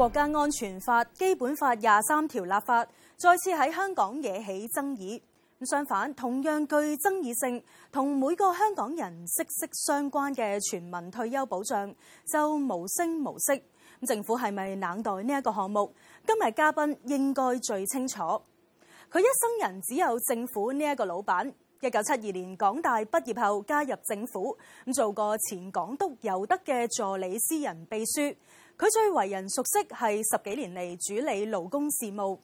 國家安全法、基本法廿三條立法，再次喺香港惹起爭議。相反，同樣具爭議性、同每個香港人息息相關嘅全民退休保障，就無聲無息。政府係咪冷待呢一個項目？今日嘉賓應該最清楚。佢一生人只有政府呢一個老闆。一九七二年港大畢業後加入政府，咁做過前港督尤德嘅助理私人秘書。佢最為人熟悉係十幾年嚟主理勞工事務。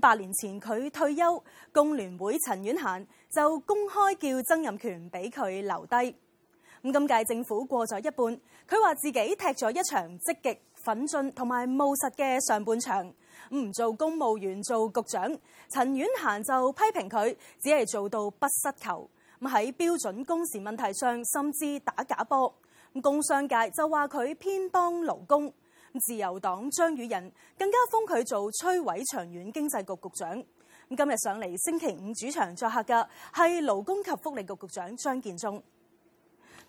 八年前佢退休，工聯會陳婉嫻就公開叫曾蔭權俾佢留低。咁今屆政府過咗一半，佢話自己踢咗一場積極奮進同埋務實嘅上半場。唔做公務員做局長，陳婉嫻就批評佢只係做到不失球。喺標準工時問題上，甚至打假波。工商界就話佢偏幫勞工。自由黨張宇人更加封佢做摧毀長遠經濟局局長。咁今日上嚟星期五主場作客嘅係勞工及福利局局長張建宗。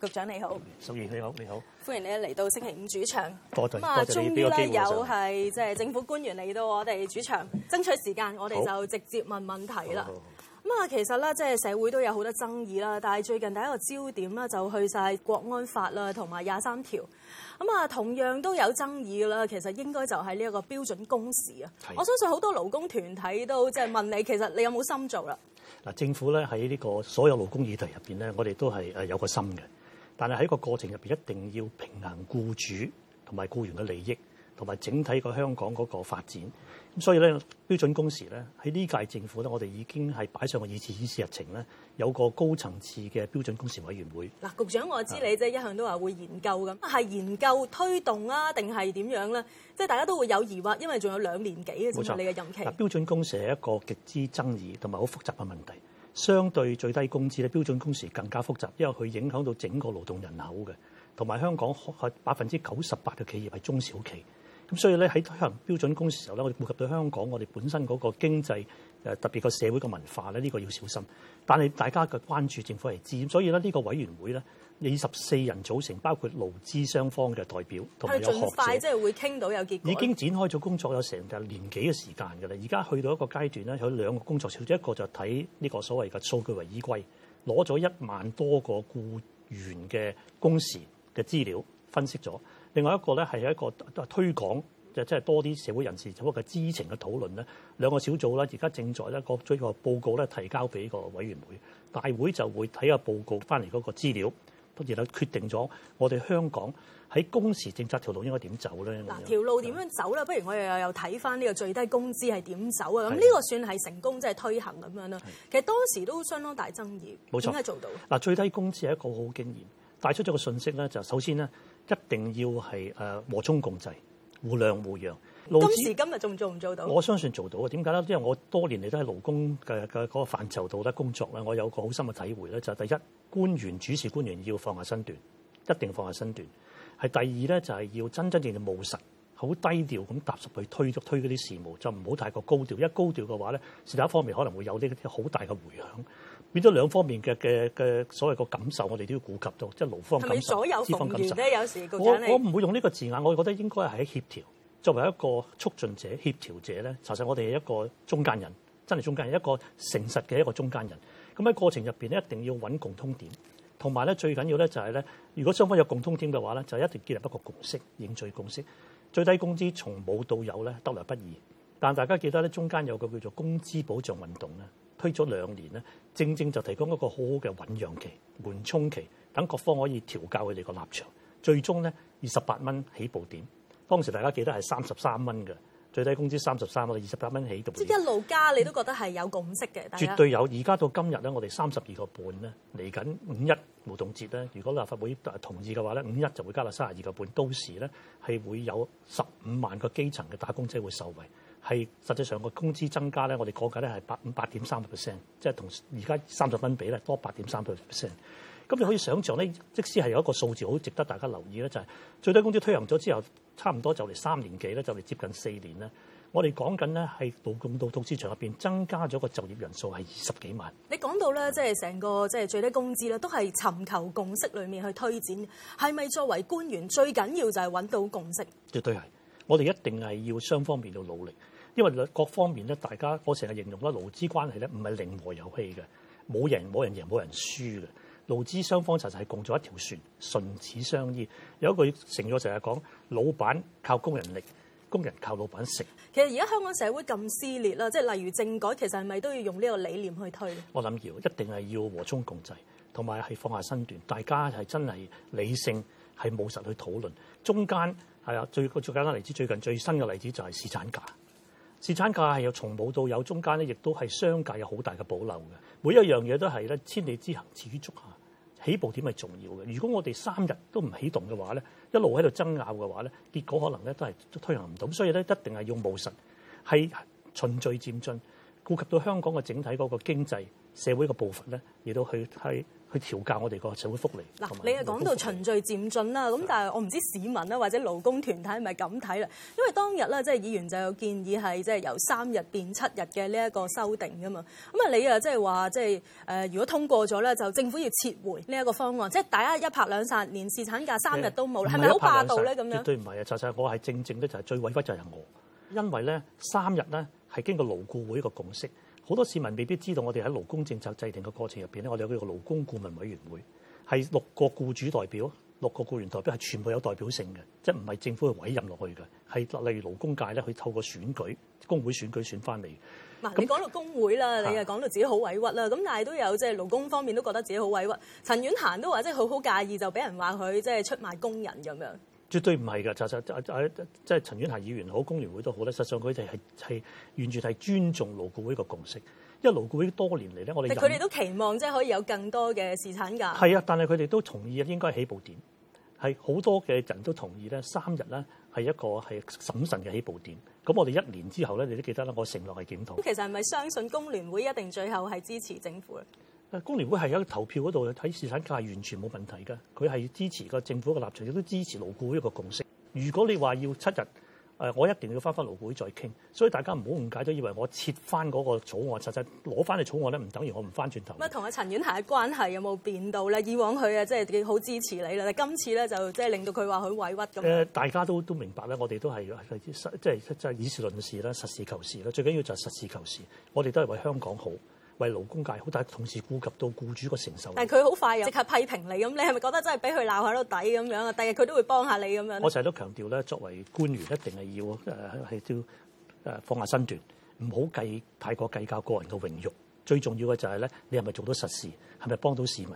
局長你好，淑儀你好，你好，歡迎你嚟到星期五主場。多謝，謝，咁啊、嗯，終於咧有係即係政府官員嚟到我哋主場，爭取時間，我哋就直接問問題啦。咁啊，其實咧，即係社會都有好多爭議啦。但係最近第一個焦點啦，就去晒《國安法》啦，同埋廿三條，咁啊，同樣都有爭議啦。其實應該就係呢一個標準工時啊。是的 我相信好多勞工團體都即係問你，其實你有冇心做啦？嗱，政府咧喺呢個所有勞工議題入邊咧，我哋都係誒有個心嘅，但係喺個過程入邊一定要平衡僱主同埋僱員嘅利益。同埋整體個香港嗰個發展，咁所以咧標準工時咧喺呢屆政府咧，我哋已經係擺上個議事議事日程咧，有個高層次嘅標準工時委員會。嗱，局長，我知你即係一向都話會研究，咁，係研究推動啊，定係點樣咧？即係大家都會有疑惑，因為仲有兩年幾嘅就係你嘅任期。標準工時係一個極之爭議同埋好複雜嘅問題，相對最低工資咧，標準工時更加複雜，因為佢影響到整個勞動人口嘅，同埋香港係百分之九十八嘅企業係中小企。咁所以咧喺推行標準工時，時候咧，我哋顧及到香港我哋本身嗰個經濟特別個社會嘅文化咧，呢、呢個要小心。但係大家嘅關注政府係知，所以咧呢個委員會咧二十四人組成，包括勞資雙方嘅代表同埋有，有學者，盡快即係會傾到有結果。已經展開咗工作有成年幾嘅時間㗎啦，而家去到一個階段咧，有兩個工作，其中一個就睇呢個所謂嘅數據為依歸，攞咗一萬多個雇員嘅工時嘅資料分析咗。另外一個咧係一個推廣，就即、是、係多啲社會人士做、就是、一個知情嘅討論咧。兩個小組咧而家正在咧個追個報告咧提交俾個委員會，大會就會睇下報告翻嚟嗰個資料，然後決定咗我哋香港喺工時政策條路應該點走咧。嗱、啊，條路點樣走咧？是的 不如我又又睇翻呢個最低工資係點走啊？咁呢個算係成功即係推行咁樣啦。是的 其實當時都相當大爭議，點解錯做到？嗱、啊，最低工資係一個好經驗，帶出咗個訊息咧，就首先咧。一定要係誒和衷共濟，互諒互讓。今時今日仲做唔做到？我相信做到啊！點解咧？因為我多年嚟都喺勞工嘅嘅嗰個範疇度咧工作咧，我有個好深嘅體會咧，就係第一，官員主持官員要放下身段，一定放下身段。係第二咧，就係要真真正正務實，好低調咁踏實去推推嗰啲事務，就唔好太過高調。一高調嘅話咧，事實一方面可能會有呢啲好大嘅迴響。變咗兩方面嘅嘅嘅所謂個感受，我哋都要顧及到，即係勞方同資方感受咧。有時我唔會用呢個字眼，我覺得應該係喺協調。作為一個促進者、協調者咧，查實我哋係一個中間人，真係中間人，一個誠實嘅一個中間人。咁喺過程入邊咧，一定要揾共通點。同埋咧，最緊要咧就係咧，如果雙方有共通點嘅話咧，就一定建立一個共識，凝聚共識。最低工資從冇到有咧，得來不易。但大家記得咧，中間有個叫做工資保障運動咧。推咗兩年咧，正正就提供一個好好嘅醞釀期、緩衝期，等各方可以調教佢哋個立場。最終咧，二十八蚊起步點，當時大家記得係三十三蚊嘅最低工資，三十三啦，二十八蚊起步點。即一路加，你都覺得係有共識嘅？嗯、家絕對有，而家到今日咧，我哋三十二個半咧，嚟緊五一勞動節咧，如果立法會同意嘅話咧，五一就會加到三十二個半，到時咧係會有十五萬個基層嘅打工者會受惠。係實際上個工資增加咧，我哋講緊咧係八五八點三個 percent，即係同而家三十分比咧多八點三個 percent。咁你可以想像咧，即使係有一個數字好值得大家留意咧，就係、是、最低工資推行咗之後，差唔多就嚟三年幾咧，就嚟接近四年咧，我哋講緊咧係勞工到勞市場入邊增加咗個就業人數係二十幾萬。你講到咧，即係成個即係、就是、最低工資咧，都係尋求共識裏面去推展。係咪作為官員最緊要就係揾到共識？絕對係，我哋一定係要雙方面要努力。因為各方面咧，大家我成日形容咧，勞資關係咧唔係零和遊戲嘅，冇人冇人贏冇人輸嘅。勞資雙方就實係共坐一條船，唇齒相依。有一句成語就係講：老闆靠工人力，工人靠老闆食。其實而家香港社會咁撕裂啦，即係例如政改，其實係咪都要用呢個理念去推？我諗要一定係要和衷共濟，同埋係放下身段，大家係真係理性係務實去討論。中間係啊，最最簡單例子，最近最新嘅例子就係侍產假。市產價係由從冇到有，中間咧亦都係商界有好大嘅保留嘅。每一樣嘢都係咧，千里之行，始於足下，起步點係重要嘅。如果我哋三日都唔起動嘅話咧，一路喺度爭拗嘅話咧，結果可能咧都係推行唔到。所以咧一定係要務實，係循序漸進，顧及到香港嘅整體嗰個經濟社會嘅步伐咧，亦都去睇，去調教我哋個社會福利，福利。嗱，你又講到循序漸進啦，咁的但係我唔知市民啦或者勞工團體係咪咁睇咧？因為當日咧，即係議員就有建議係即係由三日變七日嘅呢一個修訂㗎嘛。咁啊，你啊即係話即係誒，如果通過咗咧，就政府要撤回呢一個方案，即係大家一拍兩散，連侍產假三日都冇，係咪好霸道咧？咁樣絕對唔係啊！實際我係正正咧，就係最委屈就係我，因為咧三日咧係經過勞顧會一個共識。好多市民未必知道，我哋喺勞工政策制定嘅過程入邊咧，我哋有個勞工顧問委員會，係六個雇主代表，六個雇員代表，係全部有代表性嘅，即係唔係政府去委任落去嘅，係例如勞工界咧，去透過選舉工會選舉選翻嚟。嗱，你講到工會啦，你又講到自己好委屈啦。咁是但係都有即係勞工方面都覺得自己好委屈。陳婉嫻都話，即係好好介意就俾人話佢即係出賣工人咁樣。絕對唔係㗎，實際即係陳婉嫻議員好，工聯會都好咧。實際上佢哋係係完全係尊重勞顧會個共識，因為勞顧會多年嚟咧，我哋佢哋都期望即係可以有更多嘅侍產假。係啊，但係佢哋都同意應該起步點，係好多嘅人都同意咧，三日啦，係一個係審慎嘅起步點。咁我哋一年之後咧，你都記得啦，我承諾係檢討。咁其實係咪相信工聯會一定最後係支持政府咧？工聯會係喺投票嗰度睇市產價係完全冇問題嘅，佢係支持個政府嘅立場，亦都支持勞顧會一個共識。如果你話要七日，誒，我一定要翻翻勞顧會再傾，所以大家唔好誤解咗，都以為我撤翻嗰個草案，實際攞翻嘅草案咧，唔等於我唔翻轉頭的。乜同阿陳婉嫻嘅關係有冇變到咧？以往佢啊，即係好支持你啦，今次咧就即係令到佢話佢委屈咁。誒，大家都都明白咧，我哋都係即係即係以事論事啦，實事求是啦，最緊要就係實事求是，我哋都係為香港好。為勞工界好，大同時顧及到僱主個承受。但係佢好快又即刻批評你咁，你係咪覺得真係俾佢鬧喺度底咁樣啊？第日佢都會幫下你咁樣。我成日都強調咧，作為官員一定係要誒，係要誒放下身段，唔好計太過計較個人嘅榮辱。最重要嘅就係、是、咧，你係咪做到實事，係咪幫到市民？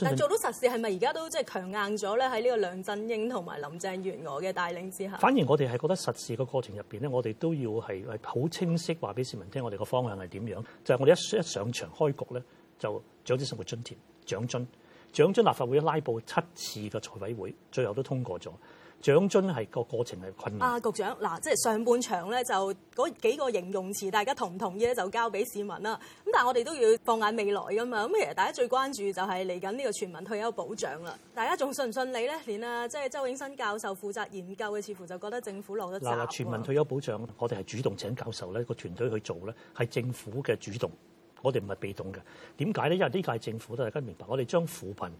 但做到實事係咪而家都即係強硬咗咧？喺呢個梁振英同埋林鄭月娥嘅帶領之下，反而我哋係覺得實事嘅過程入邊咧，我哋都要係係好清晰話俾市民聽，我哋嘅方向係點樣？就係、是、我哋一一上場開局咧，就長者生活津貼，長津，長津立法會拉布七次嘅財委會，最後都通過咗。長津係個過程係困難。啊，局長，嗱，即係上半場咧，就嗰幾個形容詞，大家同唔同意咧？就交俾市民啦。咁但係我哋都要放眼未來噶嘛。咁其實大家最關注就係嚟緊呢個全民退休保障啦。大家仲信唔信你咧？連啊，即係周永新教授負責研究嘅，似乎就覺得政府落得揸。嗱，全民退休保障，我哋係主動請教授咧個團隊去做咧，係政府嘅主動，我哋唔係被動嘅。點解咧？因為呢屆政府都係大家明白，我哋將扶貧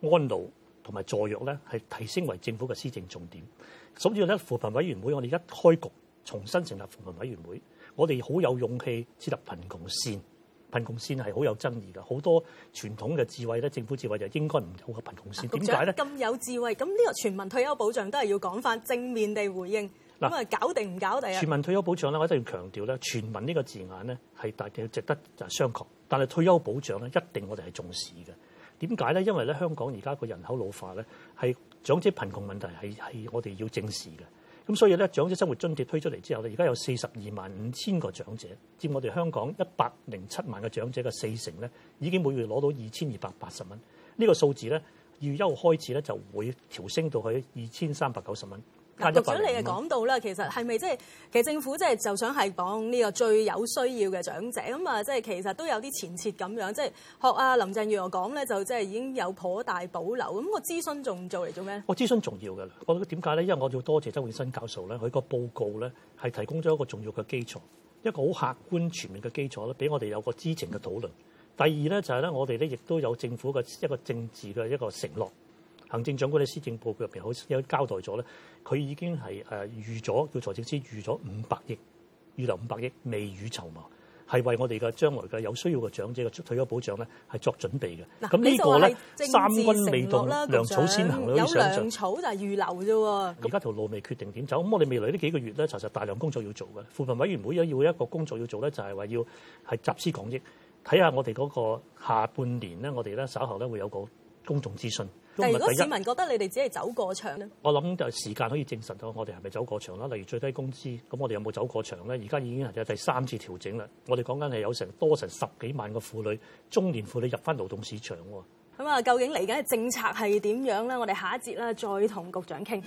安老，同埋助弱咧，係提升為政府嘅施政重點。所以咧，扶貧委員會，我哋一開局重新成立扶貧委、委員會，我哋好有勇氣設立貧窮線。貧窮線係好有爭議噶，好多傳統嘅智慧咧，政府智慧就應該唔好有貧窮線。點解咧？咁有智慧，咁呢個全民退休保障都係要講翻正面地回應。嗱，咁啊，搞定唔搞定啊？全民退休保障咧，我一定要強調咧，全民呢個字眼咧係大嘅，值得就商榷。但係退休保障咧，一定我哋係重視嘅。點解咧？因為咧，香港而家個人口老化咧，係長者貧窮問題係係我哋要正視嘅。咁所以咧，長者生活津貼推出嚟之後咧，而家有四十二萬五千個長者，佔我哋香港一百零七萬個長者嘅四成咧，已經每月攞到二千二百八十蚊。這個、數呢個數字咧，二月一號開始咧就會調升到去二千三百九十蚊。局長，你又講到啦，其實係咪即係其實政府即係就想係講呢個最有需要嘅長者咁啊？即係其實都有啲前設咁樣，即係學阿林鄭月娥講咧，就即係已經有頗大保留咁。噉個諮詢仲做嚟做咩？我諮詢重要㗎喇，我點解咧？因為我要多謝周永新教授咧，佢個報告咧係提供咗一個重要嘅基礎，一個好客觀全面嘅基礎咧，俾我哋有個知情嘅討論。第二咧就係咧，我哋咧亦都有政府嘅一個政治嘅一個承諾。行政長官咧，施政報告入邊好有交代咗咧，佢已經係誒預咗，叫財政司預咗五百億，預留五百億未雨綢繆，係為我哋嘅將來嘅有需要嘅長者嘅退休保障咧係作準備嘅。咁呢個咧三軍未動，糧諾草先行，你可以想像，有糧草就係預留啫。而家條路未決定點走，咁我哋未來呢幾個月咧，查實大量工作要做嘅。扶貧委員會有要一個工作要做咧，就係、是、話要係集思廣益，睇下我哋嗰個下半年咧，我哋咧稍後咧會有個公眾諮詢。但如果市民覺得你哋只係走過場咧，我諗就時間可以證實到我哋係咪走過場啦。例如最低工資，咁我哋有冇走過場咧？而家已經係有第三次調整啦。我哋講緊係有成多成十幾萬個婦女、中年婦女入返勞動市場喎。咁啊，究竟嚟緊嘅政策係點樣咧？我哋下一節啦，再同局長傾。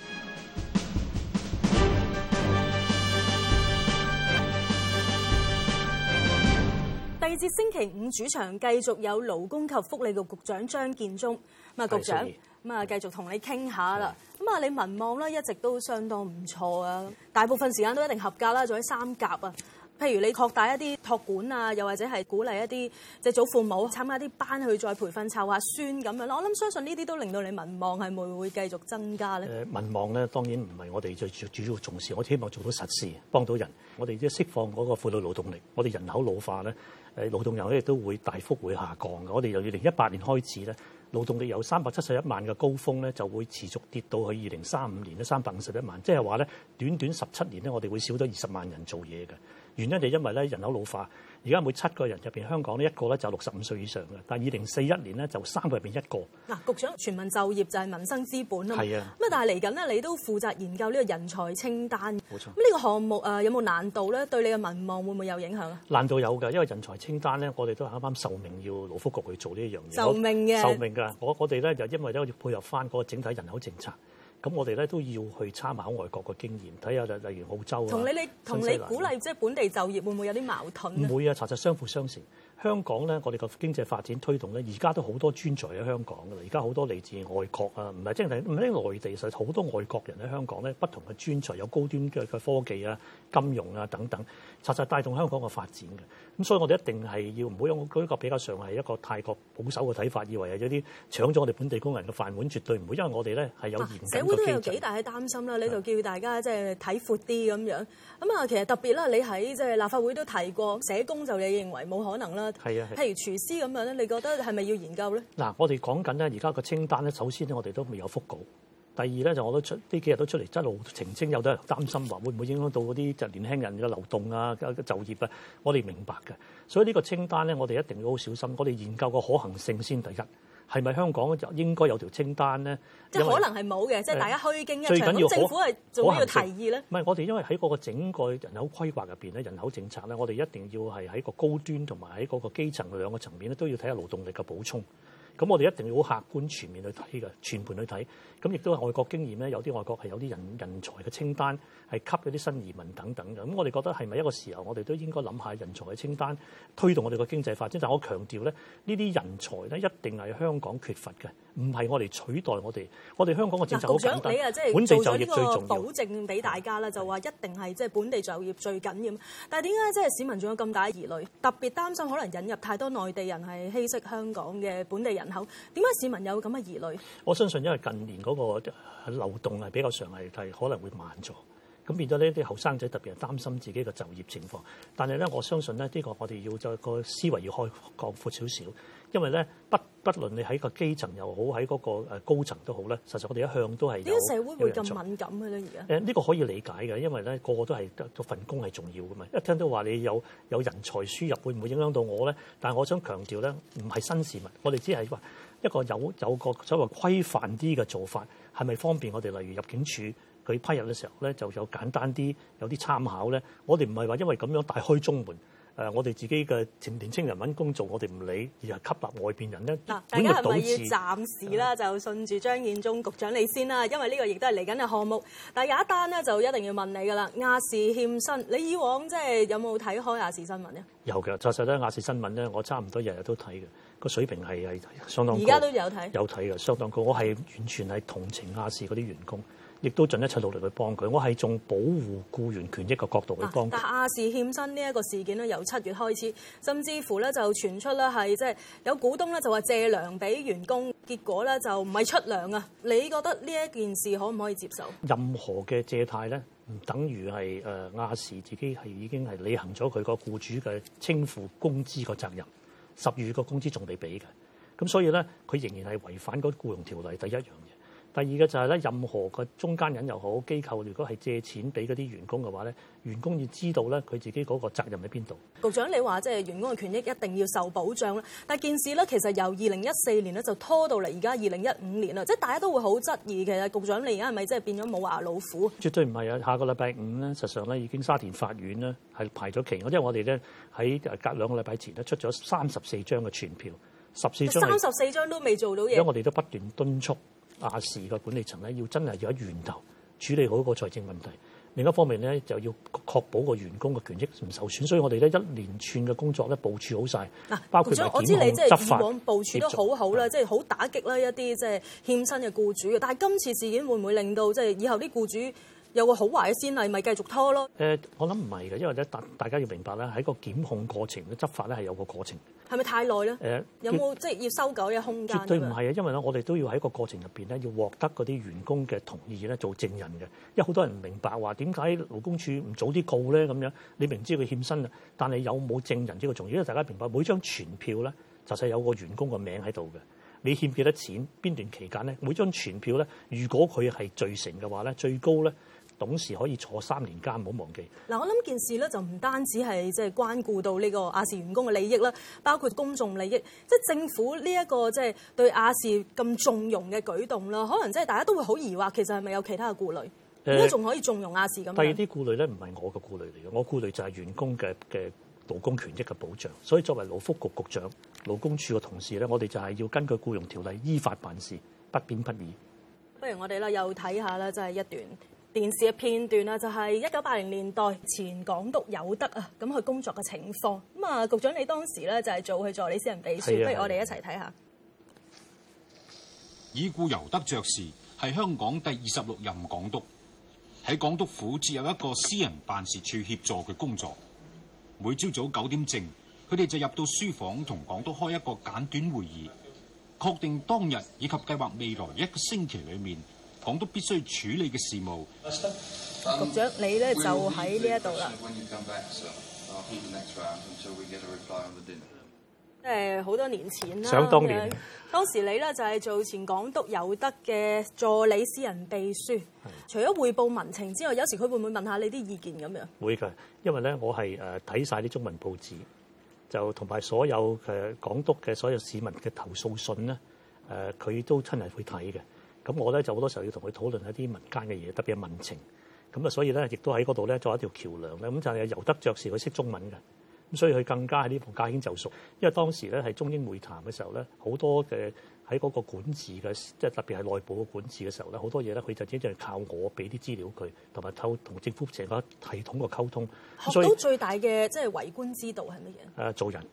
截至星期五，主場繼續有勞工及福利局局長張建宗的。咁啊，局長咁啊，的繼續同你傾下啦。咁啊的，你民望咧一直都相當唔錯啊。大部分時間都一定合格啦，做喺三甲啊。譬如你擴大一啲託管啊，又或者係鼓勵一啲即祖父母參加一啲班去再培訓湊下孫咁樣啦。我諗相信呢啲都令到你民望係咪會繼續增加咧。民望咧當然唔係我哋最主要重視，我希望做到實事幫到人。我哋即釋放嗰個婦女勞動力。我哋人口老化咧。誒勞動人口亦都會大幅會下降嘅，我哋由二零一八年開始咧，勞動力有三百七十一萬嘅高峰咧，就會持續跌到去二零三五年咧三百五十一萬，即係話咧短短十七年咧，我哋會少咗二十萬人做嘢嘅，原因就因為咧人口老化。而家每七個人入邊，香港呢一個咧就六十五歲以上嘅，但係二零四一年咧就三個入邊一個。嗱，局長全民就業就係民生之本啊嘛。啊的，咁啊，但係嚟緊咧，你都負責研究呢個人才清單。冇錯。咁呢個項目啊，有冇難度咧？對你嘅民望會唔會有影響啊？難度有㗎，因為人才清單咧，我哋都係啱啱受命要勞福局去做呢一樣嘢。受命嘅。受命㗎，我我哋咧就因為咧要配合翻嗰個整體人口政策。咁我哋咧都要去參考外國嘅經驗，睇下就，例如澳洲啊，同你你同你鼓勵，即係本地就業會唔會有啲矛盾？唔會啊，查實相輔相成。香港咧，我哋嘅經濟發展推動咧，而家都好多專才喺香港㗎啦。而家好多嚟自外國啊，唔係即係唔係喺內地，實好多外國人喺香港咧，不同嘅專才，有高端嘅科技啊、金融啊等等，實實帶動香港嘅發展嘅。咁所以我哋一定係要唔好用嗰一個比較上係一個泰國保守嘅睇法，以為係一啲搶咗我哋本地工人嘅飯碗，絕對唔會，因為我哋咧係有嚴格、啊、社會都有幾大嘅擔心啦，的你就叫大家即係睇闊啲咁樣。咁啊，其實特別啦，你喺即係立法會都提過，社工就你認為冇可能啦。係啊，譬如廚師咁樣咧，你覺得係咪要研究咧？嗱，我哋講緊咧，而家個清單咧，首先咧，我哋都未有覆稿。第二咧，就我都出呢幾日都出嚟真係澄清，有啲人擔心話會唔會影響到嗰啲就年輕人嘅流動啊、嘅就業啊，我哋明白嘅。所以呢個清單咧，我哋一定要好小心，我哋研究個可行性先第一。係咪香港就應該有條清單咧？即係可能係冇嘅，即係因為大家虛驚一場。最要的政府係總要提議咧。唔係我哋因為喺嗰個整個人口規劃入邊咧，人口政策咧，我哋一定要係喺個高端同埋喺嗰個基層兩個層面咧，都要睇下勞動力嘅補充。咁我哋一定要好客觀全面去睇嘅，全盤去睇。咁亦都係外國經驗咧，有啲外國係有啲人人才嘅清單，係吸咗啲新移民等等嘅。咁我哋覺得係咪一個時候，我哋都應該諗下人才嘅清單，推動我哋個經濟發展。但係我強調咧，呢啲人才咧一定係香港缺乏嘅。唔係我嚟取代我哋，我哋香港嘅政策好簡單。啊即係、本地就業最重要。保證俾大家啦，就話一定係即係本地就業最緊要。嗯、但係點解即係市民仲有咁大疑慮，特別擔心可能引入太多內地人係稀釋香港嘅本地人口？點解市民有咁嘅疑慮？我相信因為近年嗰個流動係比較常係睇，可能會慢咗。咁變咗呢啲後生仔特別係擔心自己嘅就業情況，但係咧我相信咧，呢個我哋要就個思維要開擴闊少少，因為咧不不論你喺個基層又好，喺嗰個誒高層都好咧，實實我哋一向都係呢個社會會咁敏感嘅咧而家。誒呢個可以理解嘅，因為咧個個都係份工係重要嘅嘛，一聽到話你有有人才輸入會唔會影響到我咧？但係我想強調咧，唔係新事物，我哋只係話一個有有個所謂規範啲嘅做法係咪方便我哋例如入境處？佢批入嘅時候咧，就有簡單啲有啲參考咧。我哋唔係話因為咁樣大開中門，呃、我哋自己嘅年年青人揾工做，我哋唔理而係吸納外邊人咧。嗱、啊，大家係咪要暫時啦？啊、就順住張建宗局長你先啦，因為呢個亦都係嚟緊嘅項目。但係有一單咧，就一定要問你噶啦亞視欠薪，你以往即係有冇睇開亞視新聞咧？有嘅，實際咧亞視新聞咧，我差唔多日日都睇嘅，個水平係係相當。而家都有睇有睇嘅，相當高。我係完全係同情亞視嗰啲員工。亦都盡一切努力去幫佢，我係從保護雇員權益嘅角度去幫佢。但亞視欠薪呢一個事件咧，由七月開始，甚至乎咧就傳出咧係即係有股東咧就話借糧俾員工，結果咧就唔係出糧啊！你覺得呢一件事可唔可以接受？任何嘅借貸咧，唔等於係誒亞視自己係已經係履行咗佢個雇主嘅應付工資個責任，十二個工資仲未俾嘅，咁所以咧佢仍然係違反嗰雇傭條例第一樣嘢。第二個就係咧，任何個中間人又好機構，如果係借錢俾嗰啲員工嘅話咧，員工要知道咧佢自己嗰個責任喺邊度。局長，你話即係員工嘅權益一定要受保障啦。但係件事咧，其實由二零一四年咧就拖到嚟而家二零一五年啦，即係大家都會好質疑嘅。局長，你而家係咪真係變咗冇牙老虎？絕對唔係啊！下個禮拜五咧，實際上咧已經沙田法院咧係排咗期，因為我哋咧喺隔兩個禮拜前咧出咗三十四張嘅傳票，十四張三十四張都未做到嘢，因為我哋都,都不斷敦促。亞視嘅管理層咧，要真係要喺源頭處理好個財政問題；另一方面咧，就要確保個員工嘅權益唔受損。所以我哋咧一連串嘅工作咧部署好曬，包括咗、啊，我知你即係以往部署得好好啦，即係好打擊啦一啲即係欠薪嘅雇主。嗯、但係今次事件會唔會令到即係以後啲雇主？又會好壞嘅先例，咪繼續拖咯？誒、呃，我諗唔係嘅，因為咧，大大家要明白啦，喺個檢控過程嘅執法咧，係有個過程。係咪太耐咧？呃、有冇要即係要修補嘅空間？絕對唔係啊，因為咧，我哋都要喺個過程入面咧，要獲得嗰啲員工嘅同意咧，做證人嘅。因為好多人唔明白話點解勞工處唔早啲告咧咁樣？你明知佢欠薪啊，但係有冇證人呢個重要？因為大家明白每張傳票咧，就係有個員工個名喺度嘅。你欠幾多錢？邊段期間咧？每張傳票咧，如果佢係罪成嘅話咧，最高咧。董事可以坐三年監，唔好忘記嗱、呃。我諗件事咧，就唔單止係即係關顧到呢個亞視員工嘅利益啦，包括公眾利益，即係政府呢一個即係對亞視咁縱容嘅舉動啦。可能即係大家都會好疑惑，其實係咪有其他嘅顧慮？依家仲可以縱容亞視咁？第二啲顧慮咧，唔係我嘅顧慮嚟嘅。我顧慮就係員工嘅嘅勞工權益嘅保障。所以作為勞福局局長、勞工處嘅同事咧，我哋就係要根據僱傭條例依法辦事，不偏不倚。不如我哋咧又睇下咧，即係一段電視嘅片段啊，就係一九八零年代前港督尤德啊，咁佢工作嘅情況。咁啊，局長你當時呢，就係做佢助理私人秘書，不如我哋一齊睇下。已故尤德爵士係香港第二十六任港督，喺港督府設有一個私人辦事處協助嘅工作。每朝早九點正，佢哋就入到書房同港督開一個簡短會議，確定當日以及計劃未來一個星期裡面，港督必須處理嘅事務。局長，你咧就喺呢一度啦。即係好、嗯、多年前啦，想當年。當時你咧就係、是、做前港督尤德嘅助理私人秘書。的除咗彙報民情之外，有時佢會唔會問下你啲意見咁樣？會嘅，因為咧我係誒睇晒啲中文報紙，就同埋所有嘅港督嘅所有市民嘅投訴信咧，誒佢都親人去睇嘅。咁我咧就好多時候要同佢討論一啲民間嘅嘢，特別係民情。咁啊，所以咧亦都喺嗰度咧作一條橋梁咧。咁就係尤德爵士佢識中文嘅，咁所以佢更加喺呢部界已經就熟。因為當時咧係中英會談嘅時候咧，好多嘅喺嗰個管治嘅，即係特別係內部嘅管治嘅時候咧，好多嘢咧佢就只係靠我俾啲資料佢，同埋溝同政府成個系統嘅溝通。學到最大嘅即係為官之道係乜嘢？誒，做人，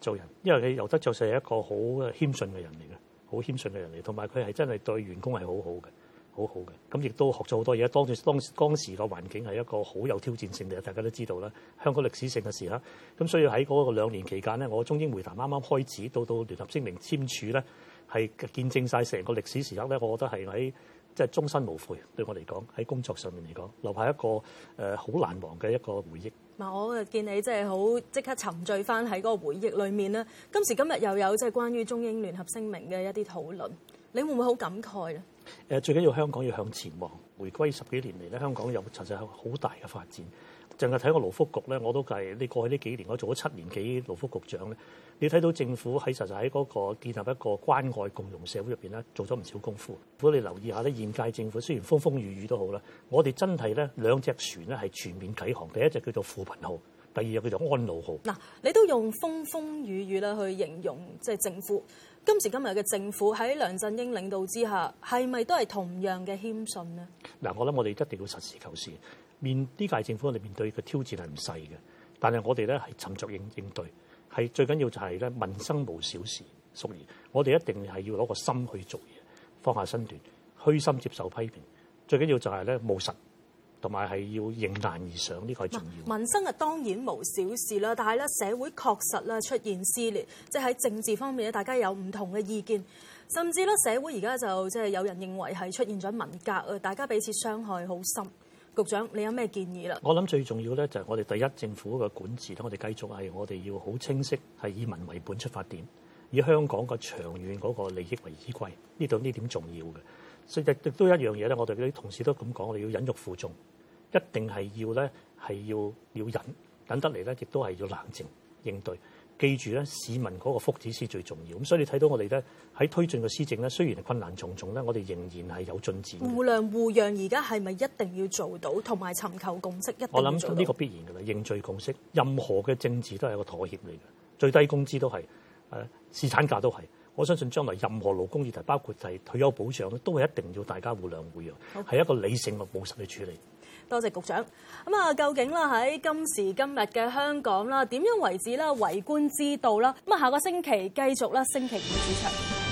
做人，因為佢尤德爵士係一個好謙信嘅人嚟嘅。好謙遜嘅人嚟，同埋佢係真係對員工係好好嘅，好好嘅。咁亦都學咗好多嘢。當住當當時個環境係一個好有挑戰性嘅，大家都知道啦。香港歷史性嘅時刻，咁所以喺嗰個兩年期間呢，我中英會談啱啱開始到到聯合聲明簽署呢，係見證晒成個歷史時刻呢。我覺得係喺即係終身無悔，對我嚟講喺工作上面嚟講，留下一個誒好，呃、難忘嘅一個回憶。我見你即係好即刻沉醉返喺嗰個回憶裏面啦。今時今日又有關於關於中英聯合聲明嘅一啲討論。你會唔會好感慨咧？誒，最緊要香港要向前望。回歸十幾年嚟咧，香港有其實實係好大嘅發展。淨係睇個勞福局咧，我都計你過去呢幾年，我做咗七年幾勞福局長咧，你睇到政府喺實實喺嗰個建立一個關愛共融社會入邊咧，做咗唔少功夫。如果你留意一下咧，現屆政府雖然風風雨雨都好啦，我哋真係咧兩隻船咧係全面啟航，第一隻叫做扶貧號。第二日叫做安老好。嗱，你都用風風雨雨咧去形容，即係政府今時今日嘅政府喺梁振英領導之下，係咪都係同樣嘅謙信呢？嗱，我諗我哋一定要實事求是，面呢屆政府我哋面對嘅挑戰係唔細嘅，但係我哋咧係沉着應應對，係最緊要就係咧民生無小事，所以，我哋一定係要攞個心去做嘢，放下身段，虛心接受批評，最緊要就係咧務實。同埋係要迎難而上，呢個係重要。民生啊，當然無小事啦。但係咧，社會確實咧出現撕裂，即係喺政治方面咧，大家有唔同嘅意見，甚至咧社會而家就即係有人認為係出現咗文革，大家彼此傷害好深。局長，你有咩建議啦？我諗最重要咧，就係我哋第一政府嘅管治咧，我哋繼續係我哋要好清晰，係以民為本出發點，以香港嘅長遠嗰個利益為依歸。呢度呢點重要嘅。所以亦都一樣嘢咧，我哋啲同事都咁講，我哋要忍辱負重。一定係要咧，係要要忍等得嚟咧，亦都係要冷靜應對。記住咧，市民嗰個福祉先最重要。咁所以你睇到我哋咧喺推進個施政咧，雖然困難重重咧，我哋仍然係有進展。互諒互讓而家係咪一定要做到，同埋尋求共識一定要做到？我諗呢個必然噶啦，凝聚共識。任何嘅政治都係一個妥協嚟嘅，最低工資都係誒，侍產假都係。我相信將來任何勞工議題，包括係退休保障咧，都係一定要大家互諒互讓，係好一個理性同務實去處理。多謝局長。咁啊，究竟啦喺今時今日嘅香港啦，點樣為之啦為官之道啦？咁啊，下個星期繼續啦，星期五見。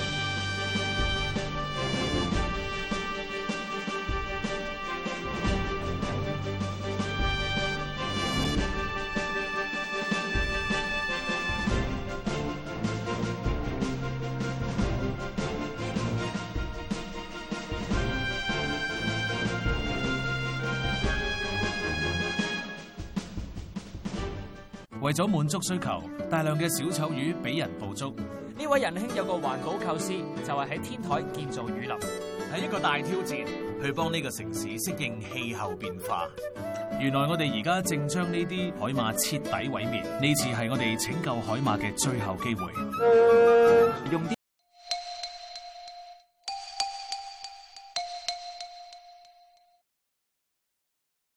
為咗滿足需求，大量嘅小丑魚俾人捕捉。呢位仁兄有個環保構思，就係、是、喺天台建造雨林，係一個大挑戰，去幫呢個城市適應氣候變化。原來我哋而家正將呢啲海馬徹底毀滅，呢次係我哋拯救海馬嘅最後機會。用啲、哎。